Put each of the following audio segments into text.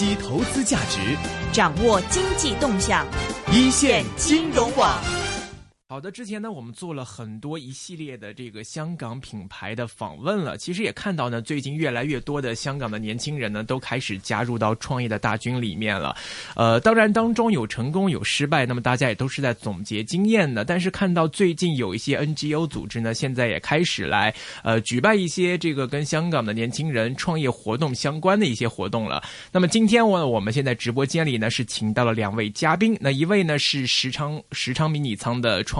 及投資價值，掌握經濟動向，一線金融網。好的，之前呢，我們做了很多一系列的這個香港品牌的訪問了，其實也看到呢，最近越來越多的香港的年輕人呢，都開始加入到創業的大軍裏面了，呃，當然當中有成功有失敗，那麼大家也都是在總結經驗的，但是看到最近有一些 NGO 組織呢，現在也開始來，呃，舉辦一些這個跟香港的年輕人創業活動相關的一些活動了，那麼今天我我們現在直播間裏呢，是請到了兩位嘉賓，那一位呢，是時昌時昌迷你倉的創。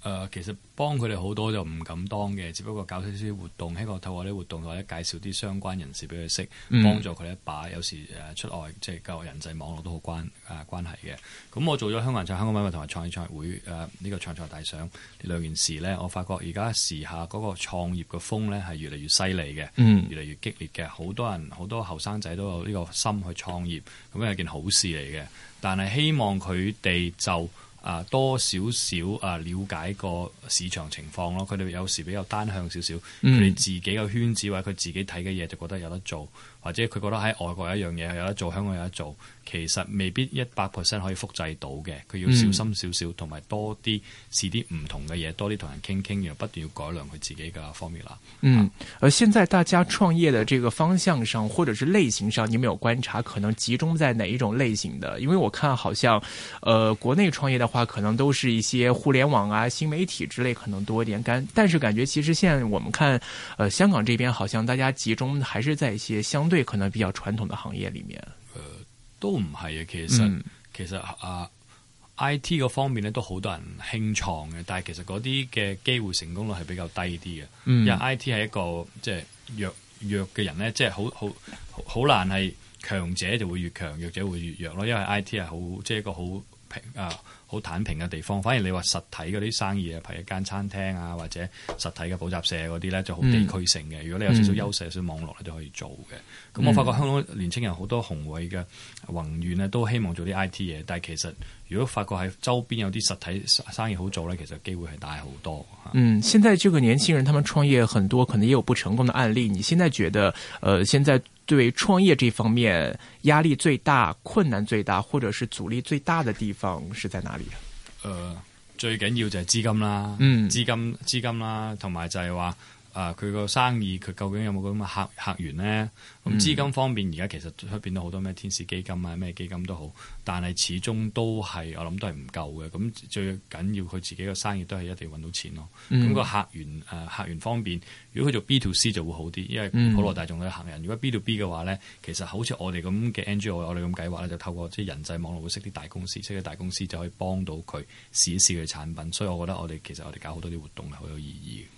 誒、呃，其實幫佢哋好多就唔敢當嘅，只不過搞少少活動，喺個透過啲活動或者介紹啲相關人士俾佢識，幫、嗯、助佢一把。有時誒出外即係交人際網絡都好關啊、呃、關係嘅。咁我做咗香港人才香港晚會同埋創意創業會誒呢、呃這個創才大賞呢兩件事呢，我發覺而家時下嗰個創業嘅風呢係越嚟越犀利嘅，嗯、越嚟越激烈嘅。好多人好多後生仔都有呢個心去創業，咁樣係件好事嚟嘅。但係希望佢哋就。.啊，多少少啊，了解個市場情況咯。佢哋有時比較單向少少，佢哋、嗯、自己嘅圈子或者佢自己睇嘅嘢就覺得有得做，或者佢覺得喺外國有一樣嘢有得做，香港有得做。其實未必一百 percent 可以複製到嘅，佢要小心少少，嗯、同埋多啲試啲唔同嘅嘢，多啲同人傾傾，然後不斷要改良佢自己嘅方面啦。嗯，而、啊、現在大家創業嘅這個方向上，或者是類型上，你們有冇觀察可能集中在哪一種類型的？因為我看好像，呃，國內創業嘅話，可能都是一些互聯網啊、新媒體之類可能多一點干。感但是感覺其實現在我們看，呃，香港這邊好像大家集中還是在一些相對可能比較傳統嘅行業裡面。都唔係啊，其實、嗯、其實啊、uh，I T 嗰方面咧都好多人興創嘅，但係其實嗰啲嘅機會成功率係比較低啲嘅，嗯、因為 I T 係一個即係、就是、弱弱嘅人咧，即係好好好難係強者就會越強，弱者會越弱咯。因為 I T 係好即係一個好平啊，好坦平嘅地方。反而你話實體嗰啲生意啊，譬如一間餐廳啊，或者實體嘅補習社嗰啲咧，就好地區性嘅。如果你有少少優勢、有少少網絡，你都可以做嘅。咁、嗯、我發覺香港年青人好多雄偉嘅宏願咧，都希望做啲 IT 嘢，但係其實如果發覺喺周邊有啲實體生意好做咧，其實機會係大好多。嗯，現在這個年輕人，他們創業很多，可能也有不成功的案例。你現在覺得，呃，現在對創業這方面壓力最大、困難最大，或者是阻力最大的地方是在哪裏？誒、呃，最緊要就係資金啦，嗯，資金資金啦，同埋就係話。啊！佢個生意佢究竟有冇咁嘅客客源呢？咁資金方面而家，嗯、其實出邊都好多咩天使基金啊、咩基金都好，但係始終都係我諗都係唔夠嘅。咁最緊要佢自己個生意都係一定要揾到錢咯，啊。咁、嗯、個客源誒，啊，客源方面，如果佢做 B to C 就會好啲，因為普羅大眾嘅客人。嗯、如果 B to B 嘅話咧，其實好似我哋咁嘅 NG，我我哋咁計劃咧，就透過即係人際網絡會識啲大公司，識啲大公司就可以幫到佢試一試佢產品。所以，我覺得我哋其實我哋搞好多啲活動係好有意義。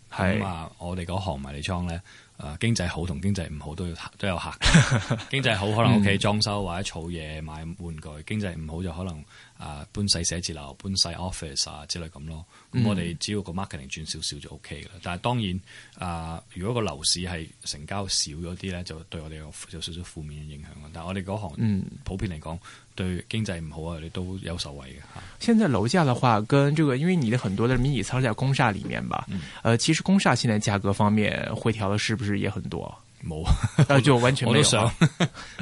係啊！我哋嗰行迷你倉咧，誒經濟好同經濟唔好都都有客。經濟好可能屋企裝修或者儲嘢買玩具；經濟唔好就可能誒搬細寫字樓、搬細 office 啊之類咁咯。咁我哋只要個 marketing 轉少少就 OK 啦。但係當然誒，如果個樓市係成交少咗啲咧，就對我哋有少少負面嘅影響。但係我哋嗰行普遍嚟講，對經濟唔好啊，你都有受惠嘅。現在樓價的話，跟這個，因為你的很多 m 的迷你倉在公廈裡面吧，誒，其實。工廈現在價格方面回調的是不是也很多？冇，但係就完全沒有。我都想，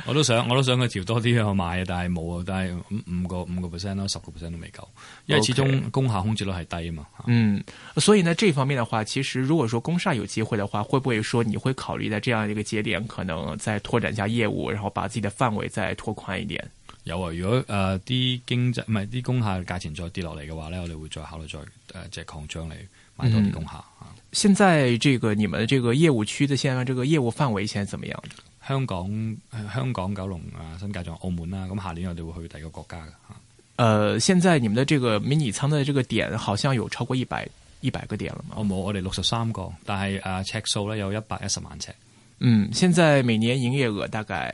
我都想，我都想佢調多啲我買，但係冇，但係五五個五個 percent 咯，十個 percent 都未夠，因為始終工廈空置率係低啊嘛。Okay. 嗯，所以呢，這方面的話，其實如果說工廈有機會的話，會不會說你會考慮在這樣一個節點，可能再拓展一下業務，然後把自己的範圍再拓寬一點？有啊，如果誒啲、呃、經濟唔係啲工廈價錢再跌落嚟嘅話咧，我哋會再考慮再誒即係擴張嚟買多啲工廈啊。嗯現在這個你們的這個業務區的，現在這個業務範圍現在怎麼樣？香港、香港、九龍啊、新界仲有澳門啦，咁下年我哋會去第二個國家噶吓。誒、呃，現在你們的這個迷你倉的這個點，好像有超過一百一百個點了嗎？我冇、哦，我哋六十三個，但係啊、呃、尺數呢，有一百一十萬尺。嗯，現在每年營業額大概。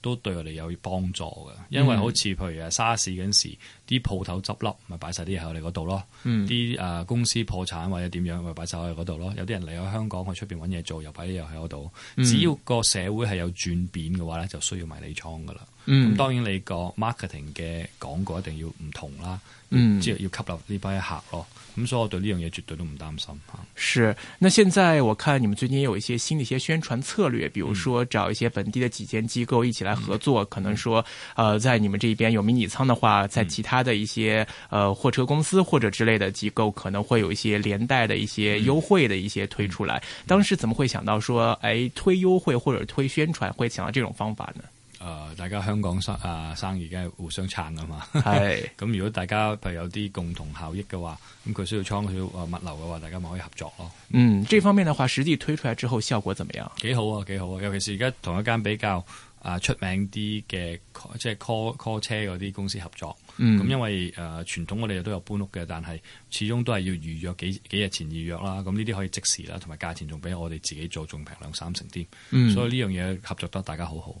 都對我哋有幫助㗎，因為好似譬如啊沙士嗰陣時，啲、嗯、鋪頭執笠，咪擺晒啲嘢喺我哋嗰度咯。啲誒、嗯、公司破產或者點樣，咪擺晒喺嗰度咯。有啲人嚟咗香港去出邊搵嘢做，又擺啲嘢喺嗰度。嗯、只要個社會係有轉變嘅話咧，就需要迷你倉㗎喇。咁、嗯、當然你個 marketing 嘅廣告一定要唔同啦，即係、嗯、要吸納呢班客咯。咁所以我對呢樣嘢絕對都唔擔心嚇。是，那現在我看你們最近有一些新的一些宣傳策略，比如說找一些本地的幾間機構一起來合作，嗯、可能說，呃，在你們這邊有迷你倉的話，在其他的一些，呃，貨車公司或者之類的機構，可能會有一些連帶的一些優惠的一些推出來。當時怎麼會想到說，誒、呃，推優惠或者推宣傳，會想到這種方法呢？誒、呃，大家香港生誒、呃、生意梗係互相撐噶嘛。係咁是，如果大家係有啲共同效益嘅話，咁佢需要倉儲物流嘅話，大家咪可以合作咯。嗯，呢方面嘅話，實際推出嚟之後效果怎麼樣？幾好啊，幾好啊！尤其是而家同一間比較誒、呃、出名啲嘅，即係 call call 車嗰啲公司合作。咁、嗯嗯、因為誒、呃、傳統我哋都有搬屋嘅，但係始終都係要預約幾幾日前預約啦。咁呢啲可以即時啦，同埋價錢仲比我哋自己做仲平兩三成添。嗯、所以呢樣嘢合作得大家好好。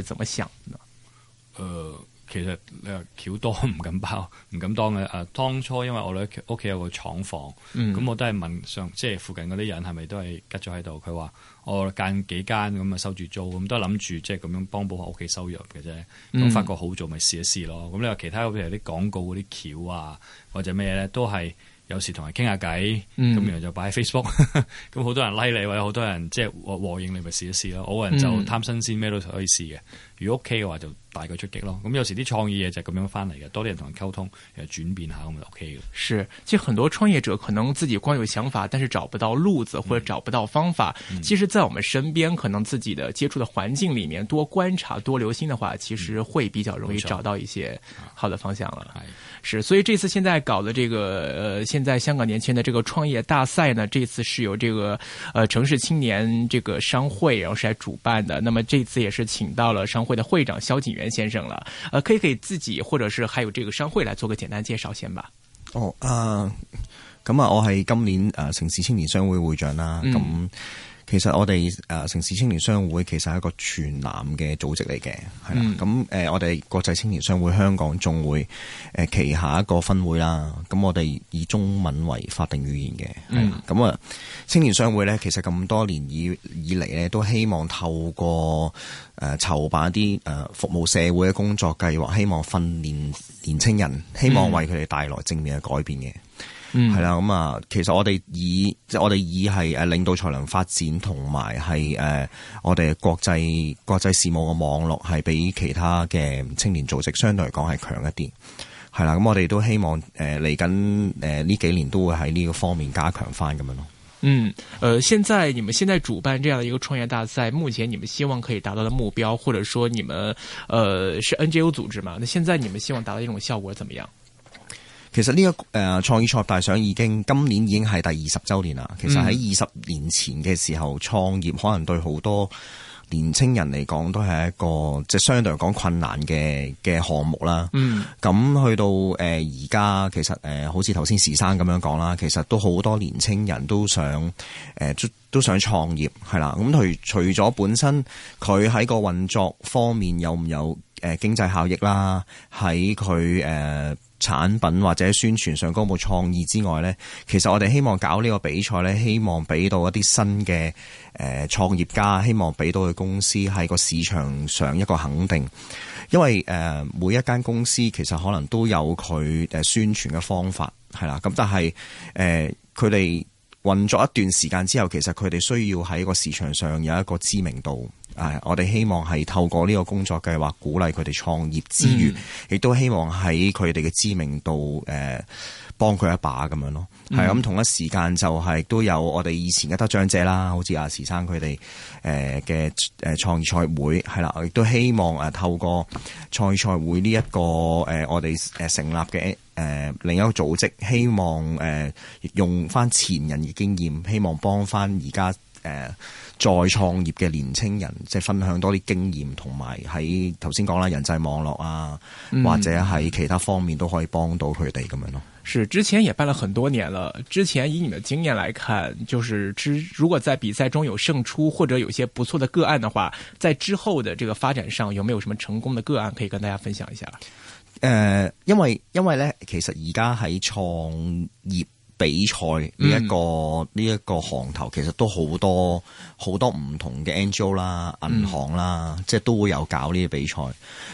係怎麼想的？誒、呃，其實你話橋多唔敢包，唔敢當嘅。誒、呃，當初因為我哋屋企有個廠房，咁、嗯、我都係問上，即係附近嗰啲人係咪都係吉咗喺度？佢話我間幾間咁啊，收住租，咁都係諗住即係咁樣幫補下屋企收入嘅啫。咁、嗯、發覺好做，咪試一試咯。咁你話其他譬如啲廣告啲橋啊，或者咩咧，都係。有時同人傾下偈，咁然後就擺喺 Facebook，咁 好多人拉、like、你，或者好多人即係和應你，咪試一試咯。我個人就貪新鮮，咩都可以試嘅。如果 OK 嘅話，就帶佢出擊咯。咁有時啲創意嘢就係咁樣翻嚟嘅，多啲人同人溝通，轉變下咁就 OK 嘅。是，其實很多創業者可能自己光有想法，但是找不到路子，嗯、或者找不到方法。嗯、其實在我們身邊，可能自己的接觸的環境裏面多觀察多留心的話，其實會比較容易找到一些好的方向啦。係，嗯，啊，是。所以這次現在搞的這個呃，現在香港年輕人的這個創業大賽呢，這次是由這個呃，城市青年這個商會，然後是來主辦的。那麼這次也是請到了商。會的會長蕭錦源先生啦，呃，可以給自己或者是還有這個商會來做個簡單介紹先吧。哦，咁、呃、啊、呃，我係今年誒、呃、城市青年商會會，會長啦，咁、嗯。嗯其實我哋誒城市青年商會其實係一個全男嘅組織嚟嘅，係啦，嗯。咁誒我哋國際青年商會香港總會誒旗下一個分會啦。咁我哋以中文為法定語言嘅，咁啊、嗯、青年商會呢，其實咁多年以以嚟呢，都希望透過誒籌、呃、辦一啲誒服務社會嘅工作計劃，希望訓練年輕人，希望為佢哋帶來正面嘅改變嘅。嗯嗯，係啦，咁啊，其實我哋以即係我哋以係誒領導才能發展同埋係誒我哋國際國際事務嘅網絡係比其他嘅青年組織相對嚟講係強一啲，係啦，咁我哋都希望誒嚟緊誒呢幾年都會喺呢個方面加強翻咁樣咯。嗯，誒、呃，現在你們現在主辦這樣的一個創業大賽，目前你們希望可以達到的目標，或者說你們誒、呃、是 NGO 組織嘛？那現在你們希望達到一種效果，怎麼樣？其實呢個誒創意創業大賞已經今年已經係第二十週年，嗯、年，年啦、嗯呃。其實喺二十年前嘅時候創業，可能對好多年青人嚟講都係一個即係相對嚟講困難嘅嘅項目啦。嗯，咁去到誒而家，其實誒好似頭先時生咁樣講啦，其實都好多年青人都想誒都、呃、都想創業係啦。咁，除除咗本身佢喺個運作方面有唔有誒經濟效益啦，喺佢誒。呃產品或者宣傳上有冇創意之外咧，其實我哋希望搞呢個比賽咧，希望俾到一啲新嘅誒創業家，希望俾到佢公司喺個市場上一個肯定，因為誒每一間公司其實可能都有佢誒宣傳嘅方法係啦，咁但係誒佢哋運作一段時間之後，其實佢哋需要喺個市場上有一個知名度。誒，我哋希望係透過呢個工作計劃鼓勵佢哋創業之餘，亦、嗯、都希望喺佢哋嘅知名度誒、呃，幫佢一把咁樣咯。係咁、嗯，同一時間就係、是、都有我哋以前嘅得獎者啦，好似阿時生佢哋誒嘅誒創業賽會係、這、啦、個，亦都希望誒透過創業賽會呢一個誒我哋誒成立嘅誒、呃、另一個組織，希望誒、啊、用翻前人嘅經驗，希望幫翻而家。誒、呃，再創業嘅年輕人，即係分享多啲經驗，同埋喺頭先講啦，人際網絡啊，嗯、或者喺其他方面都可以幫到佢哋咁樣咯。是之前也辦了很多年了，之前以你們經驗來看，就是之如果在比賽中有勝出或者有些不錯的個案的話，在之後的這個發展上，有沒有什麼成功的個案可以跟大家分享一下？誒、呃，因為因為呢，其實而家喺創業。比賽呢一個呢一、嗯、個行頭其實都好多好多唔同嘅 angel 啦，銀行啦，嗯、即係都會有搞呢啲比賽。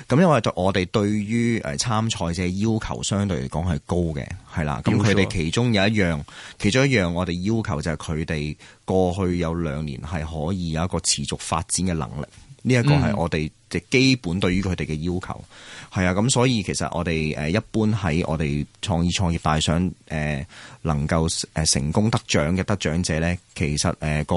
咁因為我對我哋對於誒參賽者要求相對嚟講係高嘅，係啦。咁佢哋其中有一樣，嗯、其中一樣我哋要求就係佢哋過去有兩年係可以有一個持續發展嘅能力。呢一個係我哋嘅基本對於佢哋嘅要求，係啊，咁所以其實我哋誒一般喺我哋創意創業大賞誒能夠誒成功得獎嘅得獎者咧，其實誒個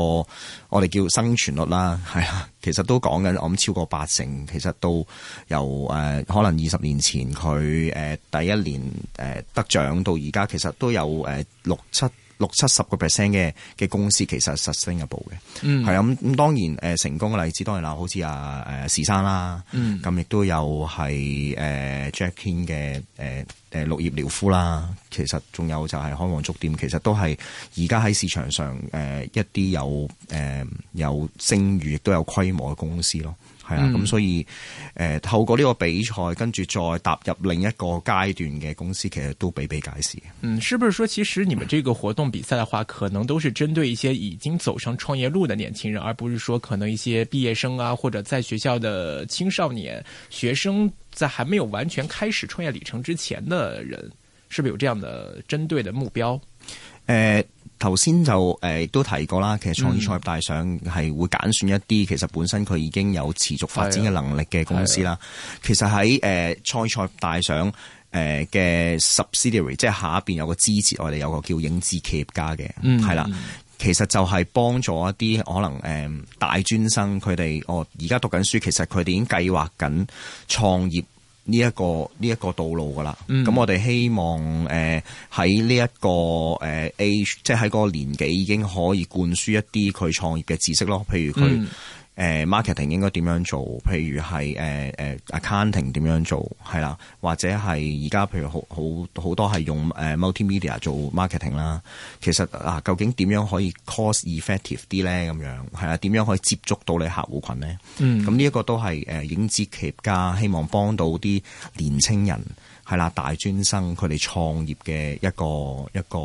我哋叫生存率啦，係啊，其實都講緊我諗超過八成，其實都由誒可能二十年前佢誒第一年誒得獎到而家，其實都有誒六七。六七十個 percent 嘅嘅公司其實係 sustainable 嘅，嗯，係啊，咁咁當然誒成功嘅例子當然啦，好似啊誒時生啦，嗯，咁亦都有係誒 Jackie 嘅誒誒綠葉療夫啦，其實仲有就係開皇粥店，其實都係而家喺市場上誒一啲有誒有聲譽亦都有規模嘅公司咯。咁、嗯、所以，誒、呃，透過呢個比賽，跟住再踏入另一個階段嘅公司，其實都比比皆是。嗯，是不是說，其實你們這個活動比賽的話，可能都是針對一些已經走上創業路的年輕人，而不是說可能一些畢業生啊，或者在學校的青少年學生，在還沒有完全開始創業里程之前的人，是不是有這樣的針對的目標？誒、呃。頭先就誒、呃、都提過啦，其實創意創業大賞係會揀選一啲、嗯、其實本身佢已經有持續發展嘅能力嘅公司啦。嗯、其實喺誒創意創業大賞誒嘅 subsidiary，即係下一邊有個支持，我哋有個叫影子企業家嘅，係、嗯、啦。其實就係幫助一啲可能誒、呃、大專生佢哋哦，而家讀緊書，其實佢哋已經計劃緊創業。呢一、這個呢一、這個道路噶啦，咁、嗯、我哋希望誒喺呢一個誒 age 即係喺嗰個年紀已經可以灌輸一啲佢創業嘅知識咯，譬如佢。嗯誒、呃、marketing 應該點樣做？譬如係誒誒、呃、accounting 點樣做？係啦，或者係而家譬如好好好多係用誒、呃、multimedia 做 marketing 啦。其實啊，究竟點樣可以 cost effective 啲咧？咁樣係啊，點樣可以接觸到你客戶群咧？嗯，咁呢一個都係誒影子企業家，希望幫到啲年輕人。係啦，大專生佢哋創業嘅一個一個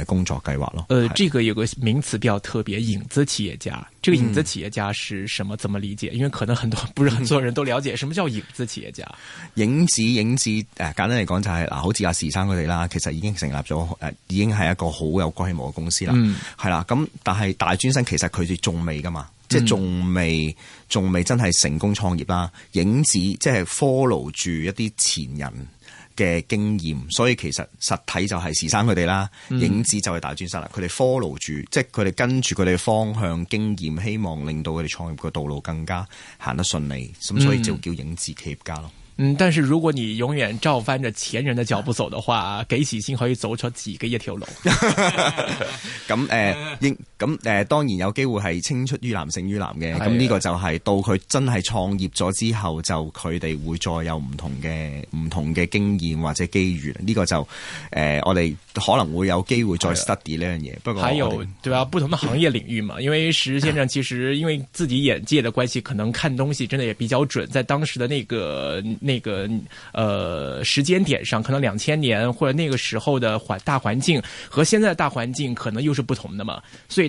誒工作計劃咯。誒、呃，這個有個名詞比較特別，影子企業家。這個影子企業家是什麼？嗯、怎麼理解？因為可能很多，不是很多人都了解、嗯、什麼叫影子企業家。影子影子誒、啊，簡單嚟講就係、是、嗱、啊，好似阿、啊、時生佢哋啦，其實已經成立咗，誒、啊，已經係一個好有規模嘅公司啦。係啦、嗯，咁但係大專生其實佢哋仲未㗎嘛，即係仲未仲未真係成功創業啦。影子即係 follow 住一啲前人。嘅經驗，所以其實實體就係時生佢哋啦，嗯、影子就係大專生啦。佢哋 follow 住，即係佢哋跟住佢哋嘅方向經驗，希望令到佢哋創業嘅道路更加行得順利。咁所以就叫影子企業家咯、嗯 嗯。嗯，但係如果你永遠照翻著前人嘅腳步走嘅話，幾時先可以走出自己一條路？咁誒應。嗯嗯嗯咁誒，當然有機會係青出於藍勝於藍嘅。咁呢的個就係到佢真係創業咗之後，就佢哋會再有唔同嘅唔同嘅經驗或者機遇。呢、這個就誒、呃，我哋可能會有機會再 study 呢樣嘢。不過，還有們對啊，不同的行業領域嘛，因為時先生其實因為自己眼界嘅關係，可能看東西真的也比較準。在當時的那個那個，呃，時間點上，可能兩千年或者那個時候的環大環境和現在的大環境可能又是不同的嘛，所以。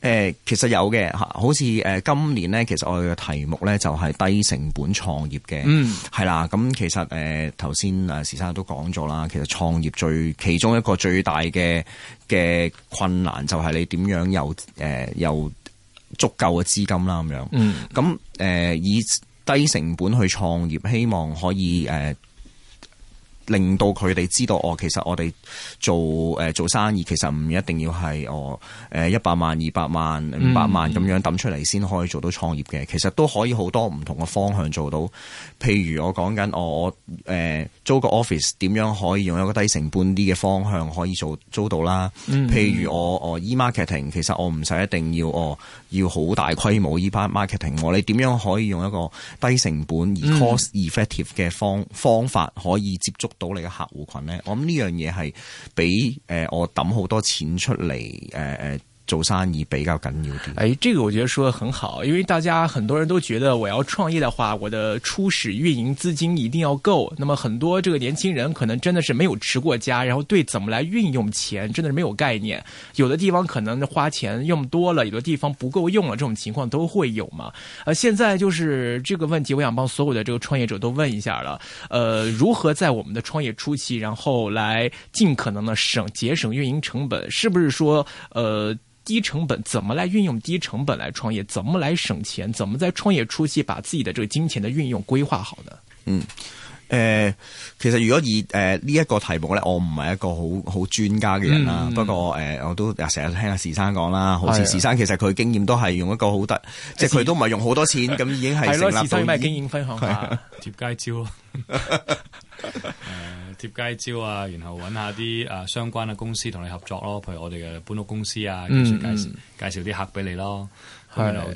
誒、嗯，其實有嘅，吓、呃，好似誒，今年咧，其實我哋嘅題目咧就係低成本創業嘅，係啦，咁其實誒，頭先啊，時生都講咗啦，其實創業最其中一個最大嘅嘅困難就係你點樣有誒、呃，有足夠嘅資金啦，咁樣，咁誒、嗯呃，以低成本去創業，希望可以誒。呃令到佢哋知道哦，其實我哋做誒、呃、做生意，其實唔一定要係哦誒一百萬二百萬五百萬咁樣抌出嚟先可以做到創業嘅，嗯、其實都可以好多唔同嘅方向做到。譬如我講緊、哦、我誒、呃、租個 office，點樣可以用一個低成本啲嘅方向可以做租到啦。嗯、譬如我、嗯、我 e marketing，其實我唔使一定要哦要好大規模 e marketing，我、嗯、你點樣可以用一個低成本而 cost effective 嘅方方法可以接觸。到你嘅客戶群咧，我諗呢樣嘢係俾誒我抌好多錢出嚟誒誒。呃呃做生意比較緊要啲。誒、哎，這個我覺得說得很好，因為大家很多人都覺得我要創業的話，我的初始運營資金一定要夠。那麼很多這個年輕人可能真的是沒有持過家，然後對怎麼來運用錢真的是沒有概念。有的地方可能花錢用多了，有的地方不夠用了，這種情況都會有嘛。呃，現在就是這個問題，我想幫所有的這個創業者都問一下了，呃，如何在我們的創業初期，然後來盡可能的省節省運營成本？是不是說，呃？低成本怎麼來運用低成本來創業？怎麼來省錢？怎麼在創業初期把自己的這個金錢的運用規劃好呢？嗯，誒、呃，其實如果以誒呢一個題目咧，我唔係一個好好專家嘅人啦。嗯、不過誒、呃，我都成日聽阿時生講啦，好似時生其實佢經驗都係用一個好得，的即係是佢都唔係用好多錢咁，的已經係成立的。時生有咩經驗分享下？貼街招貼街招啊，然後揾下啲誒、啊、相關嘅公司同你合作咯，譬如我哋嘅搬屋公司啊，嗯、介紹介紹啲客俾你咯。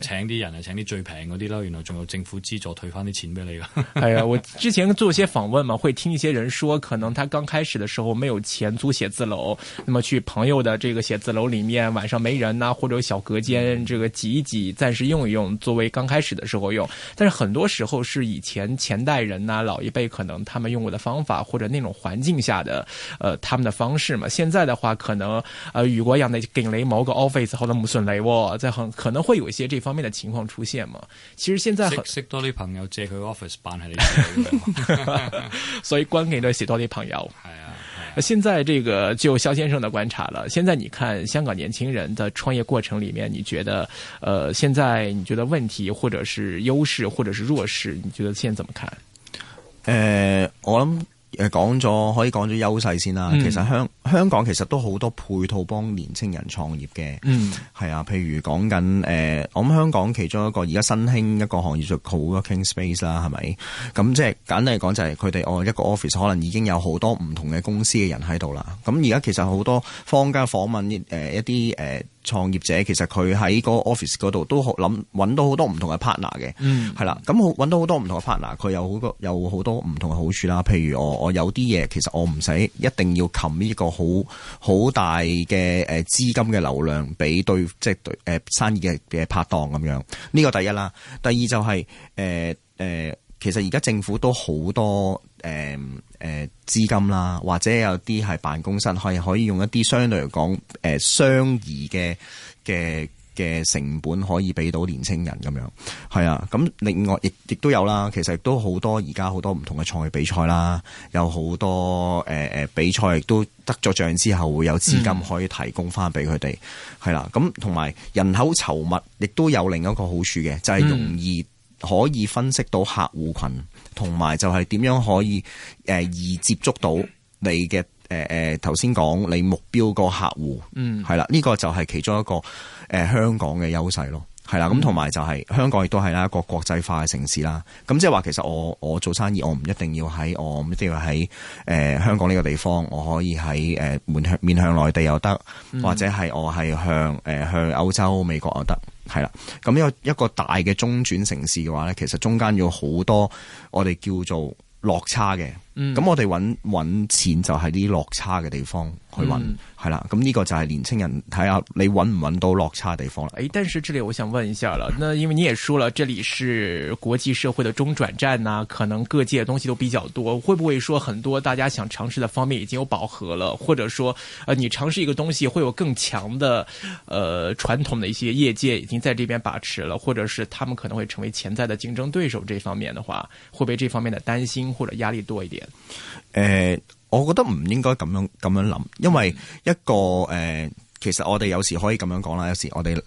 請啲人啊，請啲最平嗰啲啦，原來仲有政府資助退返啲錢俾你噶。係 啊、哎，我之前做一些訪問嘛，會聽一些人說，可能他剛開始的時候沒有錢租寫字樓，那麼去朋友的這個寫字樓裏面，晚上沒人啊，或者小隔間，這個擠一擠，暫時用一用，作為剛開始的時候用。但是很多時候是以前前代人呐、啊，老一輩可能他們用過的方法或者那種環境下的，呃，他們的方式嘛。現在的話，可能，呃，如果養的頂雷某個 office 後的木筍雷喎，在很可能會有。些這方面的情況出現嘛？其實現在很識，識多啲朋友借佢 office 辦喺裡頭，所以關係都識多啲朋友。係啊，現在這個就蕭先生的觀察了。現在你看香港年輕人的創業過程裏面，你覺得，呃，現在你覺得問題，或者是優勢，或者是弱勢？你覺得現在怎麼看？誒、 呃，我諗。誒講咗可以講咗優勢先啦，嗯、其實香港香港其實都好多配套幫年青人創業嘅，係、嗯、啊，譬如講緊誒，我諗香港其中一個而家新興一個行業就好 working space 啦，係咪？咁即係簡單嚟講，就係佢哋我一個 office 可能已經有好多唔同嘅公司嘅人喺度啦。咁而家其實好多坊間訪問誒、呃、一啲誒。呃創業者其實佢喺個 office 嗰度都好諗揾到好多唔同嘅 partner 嘅，係啦、嗯。咁好揾到好多唔同嘅 partner，佢有好多有好多唔同嘅好處啦。譬如我我有啲嘢其實我唔使一定要冚呢個好好大嘅誒資金嘅流量俾對即係、就是、對誒生意嘅嘅拍檔咁樣，呢個第一啦。第二就係誒誒，其實而家政府都好多。誒誒、嗯嗯、資金啦，或者有啲係辦公室，係可以用一啲相對嚟講誒相宜嘅嘅嘅成本，可以俾到年青人咁樣。係啊，咁另外亦亦都有啦。其實亦都好多而家好多唔同嘅創業比賽啦，有好多誒誒、呃、比賽亦都得咗獎之後，會有資金可以提供翻俾佢哋。係啦、嗯，咁同埋人口稠密，亦都有另一個好處嘅，就係、是、容易、嗯。可以分析到客戶群，同埋就係點樣可以誒、呃、易接觸到你嘅誒誒頭先講你目標個客戶，嗯，係啦，呢個就係其中一個誒、呃、香港嘅優勢咯，係啦，咁同埋就係、是、香港亦都係啦一個國際化嘅城市啦。咁即係話其實我我做生意我唔一定要喺我唔一定要喺誒、呃、香港呢個地方，我可以喺誒、呃、面向面向內地又得，或者係我係向誒、呃、向歐洲、美國又得。係啦，咁有一個大嘅中轉城市嘅話咧，其實中間有好多我哋叫做落差嘅。嗯，咁我哋揾揾錢就係啲落差嘅地方去揾，係啦，咁呢、嗯、個就係年輕人睇下你揾唔揾到落差嘅地方啦。誒、哎，但是這裏我想問一下啦，那因為你也說了，這裏是國際社會的中轉站啦、啊，可能各界東西都比較多，會不會說很多大家想嘗試的方面已經有飽和了，或者說，呃、你嘗試一個東西會有更強的，傳、呃、統的一些業界已經在這邊把持了，或者是他們可能會成為潛在的競爭對手，這方面的話，會不會這方面的擔心或者壓力多一點。誒、呃，我覺得唔應該咁樣咁樣諗，因為一個誒、呃，其實我哋有時可以咁樣講啦，有時我哋誒、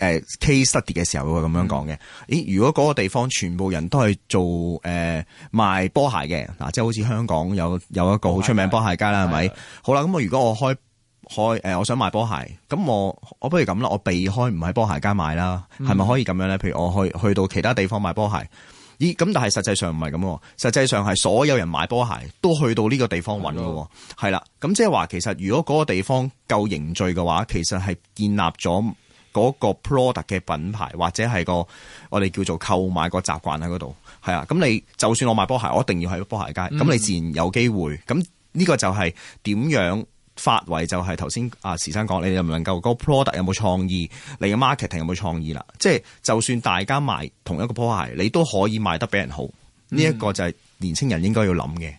呃、case study 嘅時候會咁樣講嘅。咦，嗯、如果嗰個地方全部人都係做誒、呃、賣波鞋嘅，嗱、呃，即係好似香港有有一個好出名波鞋街啦，係咪？好啦，咁我如果我開開誒、呃，我想賣波鞋，咁我我不如咁啦，我避開唔喺波鞋街賣啦，係咪、嗯、可以咁樣咧？譬如我去去到其他地方賣波鞋。咦？咁但係實際上唔係咁喎，實際上係所有人買波鞋都去到呢個地方揾嘅喎，係啦的。咁即係話其實如果嗰個地方夠凝聚嘅話，其實係建立咗嗰個 product 嘅品，品牌或者係個我哋叫做購買個習慣喺嗰度，係啊。咁你就算我買波鞋，我一定要喺波鞋街，咁、嗯、你自然有機會。咁呢個就係點樣？發圍就係頭先啊時生講，你能唔能夠、個 product 有冇創意，你嘅 marketing 有冇創意啦。即係就算大家賣同一個波鞋，你都可以賣得畀人好。呢、這、一個就係年青人應該要諗嘅，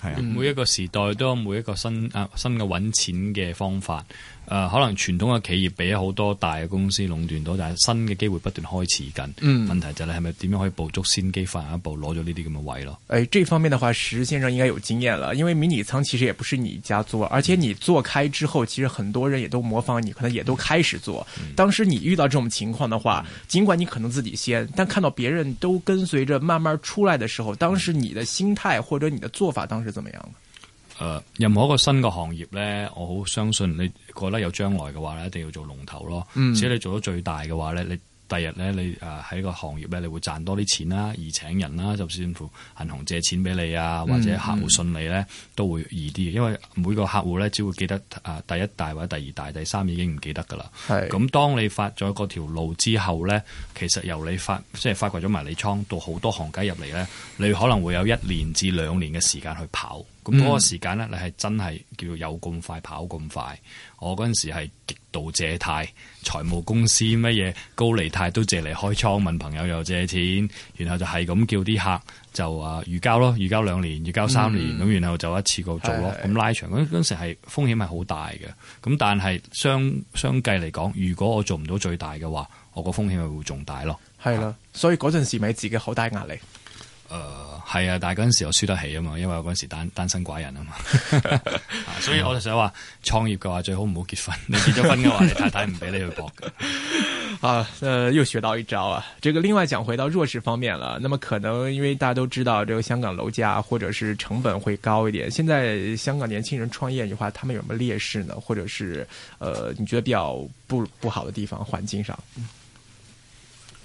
係、嗯、啊。每一個時代都有每一個新啊新嘅揾錢嘅方法。誒、呃，可能傳統嘅企業俾咗好多大嘅公司壟斷到，但係新嘅機會不斷開始緊。嗯、問題就係，你係咪點樣可以捕捉先機，快一步攞咗呢啲咁嘅位咯？誒、哎，這方面嘅話，時先生應該有經驗啦。因為迷你倉其實也不是你家做，而且你做開之後，其實很多人也都模仿你，可能也都開始做。嗯、當時你遇到這種情況嘅話，嗯、盡管你可能自己先，但看到別人都跟隨着慢慢出來嘅時候，當時你嘅心態或者你嘅做法當時怎麼樣？誒、呃，任何一個新嘅行業咧，我好相信你覺得有將來嘅話咧，一定要做龍頭咯。嗯、只要你做到最大嘅話咧，你第日咧，你誒喺、呃、個行業咧，你會賺多啲錢啦、啊，而請人啦、啊，就算乎銀行借錢俾你啊，或者客戶信你咧都會易啲。因為每個客戶咧，只會記得誒第一大或者第二大，第三已經唔記得噶啦。咁是當你發咗嗰條路之後咧，其實由你發即係發掘咗迷你倉，到好多行家入嚟咧，你可能會有一年至兩年嘅時間去跑。咁嗰個時間咧，你係真係叫有咁快跑咁快，我嗰陣時係極度借貸，財務公司乜嘢高利貸都借嚟開倉，問朋友又借錢，然後就係咁叫啲客就啊預交咯，預交兩年，預交三年，咁、嗯、然後就一次過做咯，咁是的 拉長嗰陣時係風險係好大嘅，咁但係相相計嚟講，如果我做唔到最大嘅話，我個風險係會仲大咯，係啦，所以嗰陣時咪自己好大壓力。誒，係、呃、啊，但係嗰陣時我輸得起啊嘛，因為我嗰陣時單單身寡人嘛 啊嘛，所以我就想 話創業嘅話最好唔好結婚， 你結咗婚嘅話你太太唔俾你去搏㗎，好 啊，誒、呃，又學到一招啊！這個另外講回到弱勢方面了，那麼可能因為大家都知道，這個香港樓價或者是成本會高一點，現在香港年輕人創業嘅話，他們有什麼劣勢呢？或者是，誒、呃，你覺得比較不不好的地方，環境上？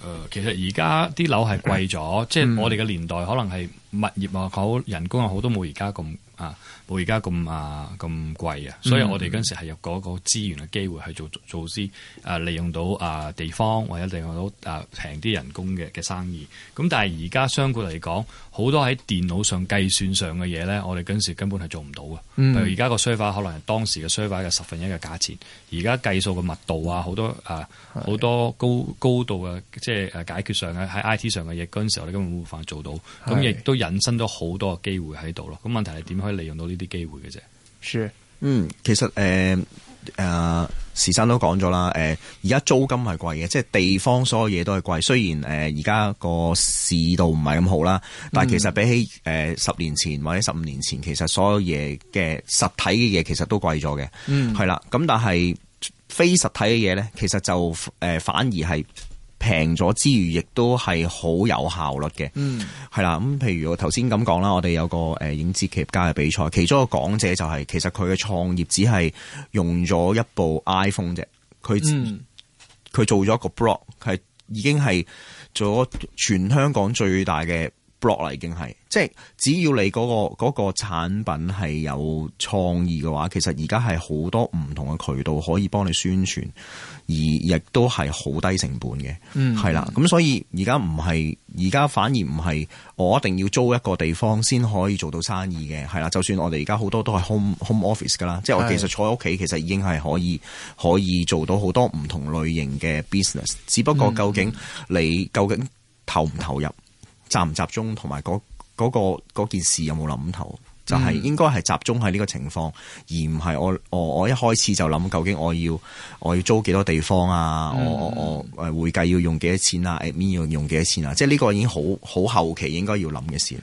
誒、呃，其實而家啲樓係貴咗， 即係我哋嘅年代可能係物業又好，人工又好，都冇而家咁啊。我而家咁啊咁貴啊，所以我哋陣時係入嗰個資源嘅機會去做做師，誒利用到啊地方，或者利用到啊平啲人工嘅嘅生意。咁但係而家相對嚟講好多喺電腦上計算上嘅嘢咧，我哋陣時根本係做唔到嘅。譬如而家個書法可能係當時嘅書法嘅十分一嘅價錢，而家計數嘅密度啊，好多啊好多高高度嘅即係誒解決上嘅喺 I T 上嘅嘢，嗰陣時候你根本冇法做到。咁亦的都引申咗好多嘅機會喺度咯。咁問題係點可以利用到呢？啲機會嘅啫，嗯，其實誒誒、呃呃、時生都講咗啦，誒而家租金係貴嘅，即係地方所有嘢都係貴。雖然誒而家個市道唔係咁好啦，但係其實比起誒十年前或者十五年前，其實所有嘢嘅實體嘅嘢其實都貴咗嘅。嗯，係啦，咁但係非實體嘅嘢咧，其實就誒、呃、反而係，平咗之餘亦都係好有效率嘅。嗯，係啦。咁譬如我頭先咁講啦，我哋有個誒影子企業家嘅比賽，其中一個講者就係、是、其實佢嘅創業只係用咗一部 iPhone 啫。佢佢、嗯、做咗一個 blog，係已經係做咗全香港最大嘅 blog 啦，已經係。即係只要你嗰個嗰個產品係有創意嘅話，其實而家係好多唔同嘅渠道可以幫你宣傳，而亦都係好低成本嘅，嗯，係啦。咁所以而家唔係而家反而唔係我一定要租一個地方先可以做到生意嘅，係啦。就算我哋而家好多都係 home home office 噶啦即係我其實坐喺屋企其實已經係可以可以做到好多唔同類型嘅 business。只不過究竟你究竟投唔投入，集唔集中，同埋嗰。嗰個嗰件事有冇諗頭？就係應該係集中喺呢個情況，嗯、而唔係我我我一開始就諗究竟我要我要租幾多地方啊？嗯、我我我誒會計要用幾多錢啊？誒邊要用幾多錢啊？即係呢個已經好好後期應該要諗嘅事啦。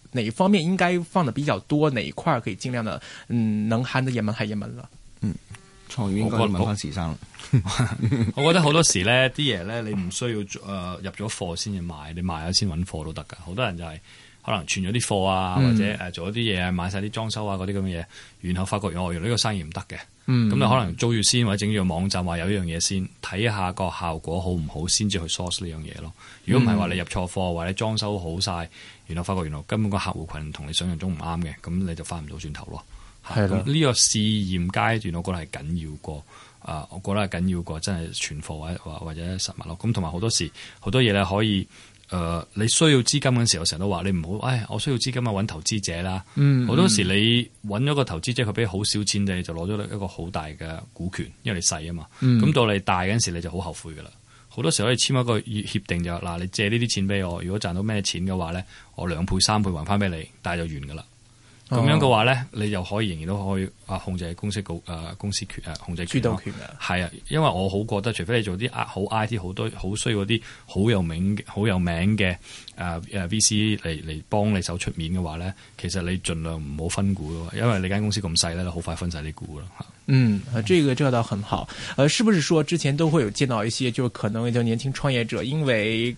哪方面應該放得比較多？哪一塊可以盡量的，嗯，能慳得一蚊，係一蚊啦。嗯，創業應該問返時生啦。我覺得好多時咧，啲嘢咧，你唔需要誒、呃、入咗貨先要賣，你賣咗先揾貨都得噶。好多人就係、是。可能存咗啲貨啊，或者誒做咗啲嘢啊，買晒啲裝修啊嗰啲咁嘅嘢，然後發覺原來呢個生意唔得嘅，咁、嗯、你可能租住先，或者整住個網站，話有一樣嘢先睇下個效果好唔好，先至去 source 呢樣嘢咯。如果唔係話你入錯貨，或者裝修好晒，然後發覺原來根本個客戶群同你想象中唔啱嘅，咁你就翻唔到轉頭咯。係咁呢個試驗階段我、呃，我覺得係緊要過啊，我覺得係緊要過，真係存貨或者或者實物咯。咁同埋好多時好多嘢咧可以。誒、呃，你需要資金嘅時候，成日都話你唔好，誒，我需要資金啊，揾投資者啦。嗯嗯、好多時你揾咗個投資者，佢俾好少錢你，就攞咗一個好大嘅股權，因為你細啊嘛。嗯，咁到你大嗰陣時，你就好後悔噶啦。好多時可以簽一個協協定，就嗱，你借呢啲錢俾我，如果賺到咩錢嘅話咧，我兩倍、三倍還翻俾你，但係就完噶啦。咁樣嘅話呢，你又可以仍然都可以啊控制公司股啊公司權啊，控制主導權啊，係啊，因為我好覺得，除非你做啲好 I T，好多好需要嗰啲好有名好有名嘅啊啊 VC 嚟嚟幫你手出面嘅話呢，其實你盡量唔好分股咯，因為你間公司咁細咧，你好快分晒啲股啦嗯，呢、嗯啊、這個這倒很好，啊，是不是說之前都會有見到一些，就可能叫年輕創業者因為。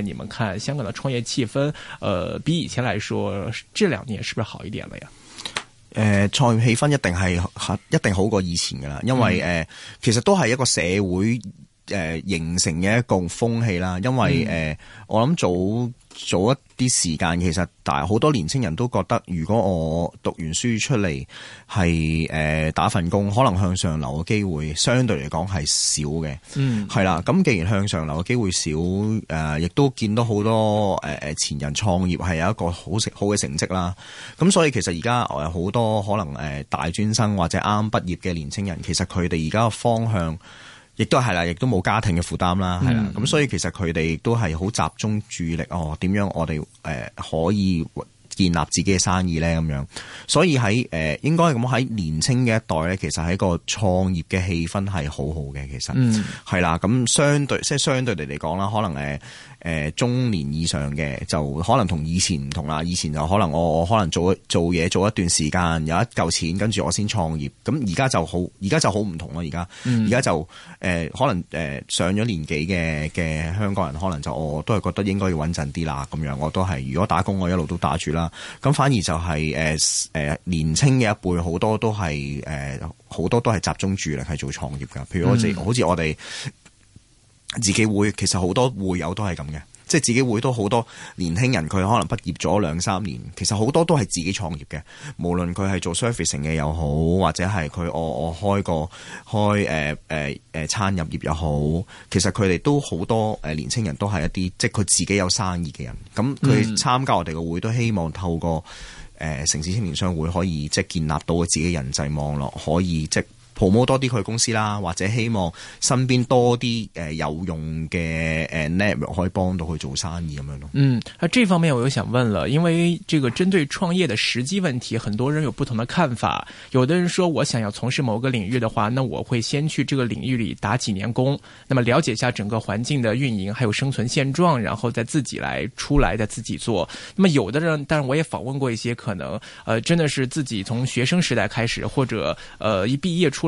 你們看香港的創業氣氛，呃，比以前來說，這兩年是不是好一點了呀？誒、呃，創業氣氛一定係一定好過以前噶啦，因為誒、嗯呃，其實都係一個社會誒、呃、形成嘅一個風氣啦。因為誒、嗯呃，我諗早。早一啲時間，其實但係好多年青人都覺得，如果我讀完書出嚟係誒打份工，可能向上流嘅機會，相對嚟講係少嘅。嗯，係啦，咁既然向上流嘅機會少，誒、呃、亦都見到好多誒誒、呃、前人創業係有一個好好嘅成績啦。咁所以其實而家誒好多可能誒、呃、大專生或者啱啱畢業嘅年青人，其實佢哋而家嘅方向。亦都係啦，亦都冇家庭嘅負擔啦，係啦、嗯，咁所以其實佢哋亦都係好集中注意力，哦點樣我哋誒、呃、可以建立自己嘅生意咧咁樣，所以喺誒、呃、應該係咁喺年青嘅一代咧，其實喺個創業嘅氣氛係好好嘅，其實，係啦、嗯，咁相對即係相對地嚟講啦，可能誒、呃誒、呃、中年以上嘅就可能同以前唔同啦，以前就可能、哦、我可能做做嘢做一段時間有一嚿錢跟住我先創業，咁而家就好，而家就好唔同咯。而家而家就誒、呃、可能誒、呃、上咗年紀嘅嘅香港人，可能就我、哦、都係覺得應該要穩陣啲啦。咁樣我都係如果打工我一路都打住啦。咁反而就係誒誒年青嘅一輩好多都係誒好多都係集中住嚟係做創業㗎。譬如好似我哋。嗯自己會其實好多會友都係咁嘅，即係自己會都好多年輕人，佢可能畢業咗兩三年，其實好多都係自己創業嘅。無論佢係做 servicing 嘅又好，或者係佢我我開個開誒誒誒餐飲業又好，其實佢哋都好多誒、呃、年輕人都係一啲即係佢自己有生意嘅人。咁佢參加我哋個會、嗯、都希望透過誒、呃、城市青年商會可以即係建立到自己人際網絡，可以即.好，r 多啲去公司啦，或者希望身邊多啲誒有用嘅誒 network 可以幫到佢做生意咁樣咯。嗯，喺呢方面我又想問了，因為這個針對創業的時機問題，很多人有不同的看法。有的人說我想要從事某個領域的話，那我會先去這個領域裏打幾年工，那麼了解一下整個環境的運營，還有生存現狀，然後再自己來出來，再自己做。那麼有的人，但是我也訪問過一些可能，呃，真的是自己從學生時代開始，或者呃一畢業出。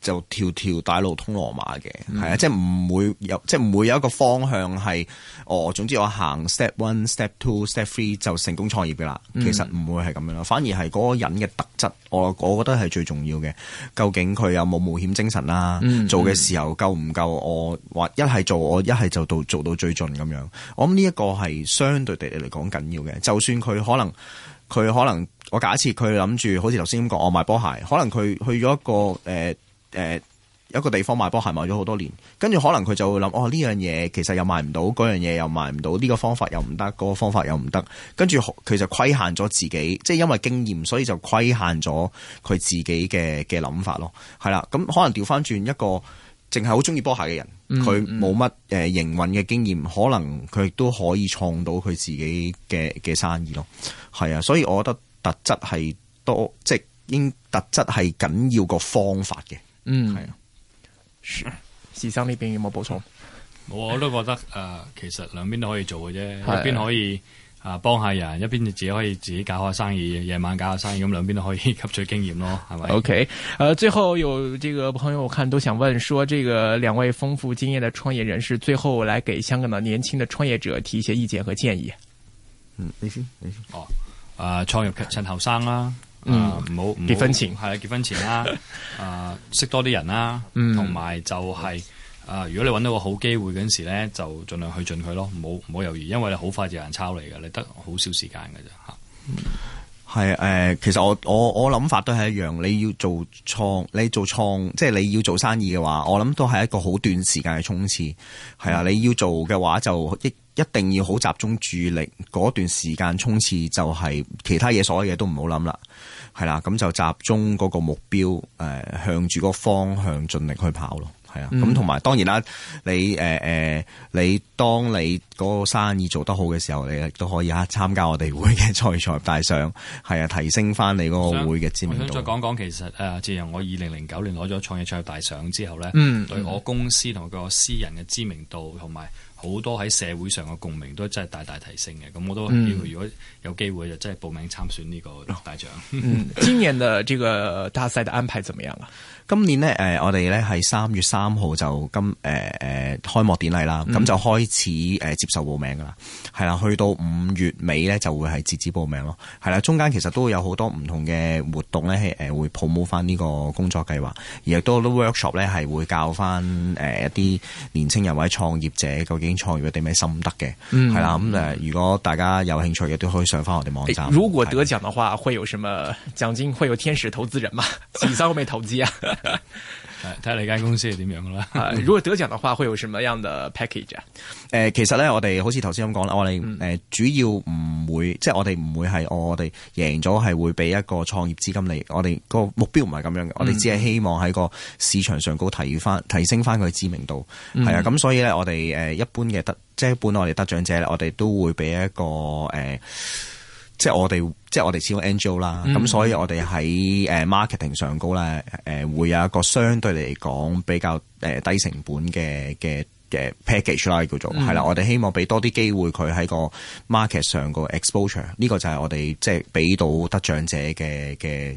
就條條大路通羅馬嘅，係啊、嗯，即係唔會有，即係唔會有一個方向係，哦，總之我行 step one、step two、step three 就成功創業嘅啦。嗯、其實唔會係咁樣咯，反而係嗰個人嘅特質，我我覺得係最重要嘅。究竟佢有冇冒險精神啦、啊？嗯嗯、做嘅時候夠唔夠我？我話一係做我一係就到做到最盡咁樣。我諗呢一個係相對地嚟講緊要嘅。就算佢可能佢可能我假設佢諗住好似頭先咁講，我賣波鞋，可能佢去咗一個誒。呃誒，有一個地方賣波鞋賣咗好多年，跟住可能佢就會諗，哦，呢樣嘢，其實又賣唔到，嗰樣嘢又賣唔到，呢個方法又唔得，嗰個方法又唔得，跟住佢就規限咗自己，即係因為經驗，所以就規限咗佢自己嘅嘅諗法咯。係啦，咁可能調翻轉一個淨係好中意波鞋嘅人，佢冇乜誒營運嘅經驗，可能佢亦都可以創到佢自己嘅嘅生意咯。係啊，所以我覺得特質係多，即係應特質係緊要個方法嘅。嗯，係啊，時生呢邊有冇補充？我都覺得誒、呃，其實兩邊都可以做嘅啫，是一邊可以啊、呃、幫下人，一邊就自己可以自己搞下生意，夜晚搞下生意，咁兩邊都可以吸取經驗咯，係咪？OK，誒、呃，最後有這個朋友，我看都想問，說這個兩位豐富經驗的創業人士，最後來給香港的年輕的創業者提一些意見和建議。嗯，你先，你先。哦，誒、呃，創業趁後生啦、啊。嗯，唔好結婚前係啊，結婚前啦，啊識多啲人啦，同埋就係，啊如果你揾到個好機會嗰陣時咧，就盡量去盡佢咯，唔好唔好猶豫，因為你好快就有人抄你嘅，你得好少時間嘅啫吓。係誒、嗯呃，其實我我我諗法都係一樣，你要做創，你做創，即係你要做生意嘅話，我諗都係一個好短時間嘅衝刺。係啊，你要做嘅話就一。一定要好集中注意力，嗰段時間衝刺就係、是、其他嘢，所有嘢都唔好諗啦，係啦，咁就集中嗰個目標誒、呃、向住個方向盡力去跑咯。係啊，咁同埋當然啦，你誒誒、呃，你當你嗰個生意做得好嘅時候，你亦都可以啊參加我哋會嘅創業創業大獎，係啊，提升翻你嗰個會嘅知名度。我想再講講，其實誒、呃，自從我二零零九年攞咗創業創業大獎之後咧，嗯，對我公司同個私人嘅知名度同埋好多喺社會上嘅共鳴都真係大大提升嘅。咁我都希望如果有機會就真係報名參選呢個大獎。嗯、 今年的這個大賽嘅安排怎麼樣啊？今年咧，誒、呃、我哋咧係三月三號就今誒誒、呃、開幕典禮啦，咁、嗯、就開始誒、呃、接受報名噶啦，係啦，去到五月尾咧就會係截止報名咯，係啦，中間其實都會有好多唔同嘅活動咧，誒、呃、會 promote 翻呢個工作計劃，而亦都好多 workshop 咧係會教翻誒一啲年青人或者創業者究竟創業有啲咩心得嘅，係、嗯、啦，咁、嗯、誒、嗯、如果大家有興趣嘅都可以上翻我哋網站。如果得獎嘅話，對會有什麼獎金？會有天使投資人嘛？前你會未投資啊？睇下 你間公司係點樣㗎啦。 如果得獎嘅話，會有什麼樣嘅 package 啊？誒、呃，其實咧，我哋好似頭先咁講啦，我哋誒、呃、主要唔會，即係我哋唔會係、哦、我哋贏咗係會俾一個創業資金嚟，我哋個目標唔係咁樣嘅，嗯、我哋只係希望喺個市場上高提翻提升翻佢嘅知名度。係、嗯、啊，咁、嗯、所以咧，我哋誒一般嘅得，即係一般我哋得獎者咧，我哋都會俾一個誒。呃即係我哋，即係我哋始終 Angel 啦，咁所以我哋喺誒 marketing 上高咧，誒、呃、會有一個相對嚟講比較誒、呃、低成本嘅嘅嘅 package 啦，叫做係、嗯、啦，我哋希望俾多啲機會佢喺個 market 上個 exposure，呢個就係我哋即係俾到得獎者嘅嘅。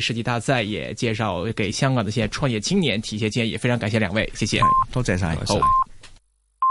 世紀大賽，也介紹給香港的這些創業青年，提一些建議。非常感謝兩位，謝謝。多謝晒，好。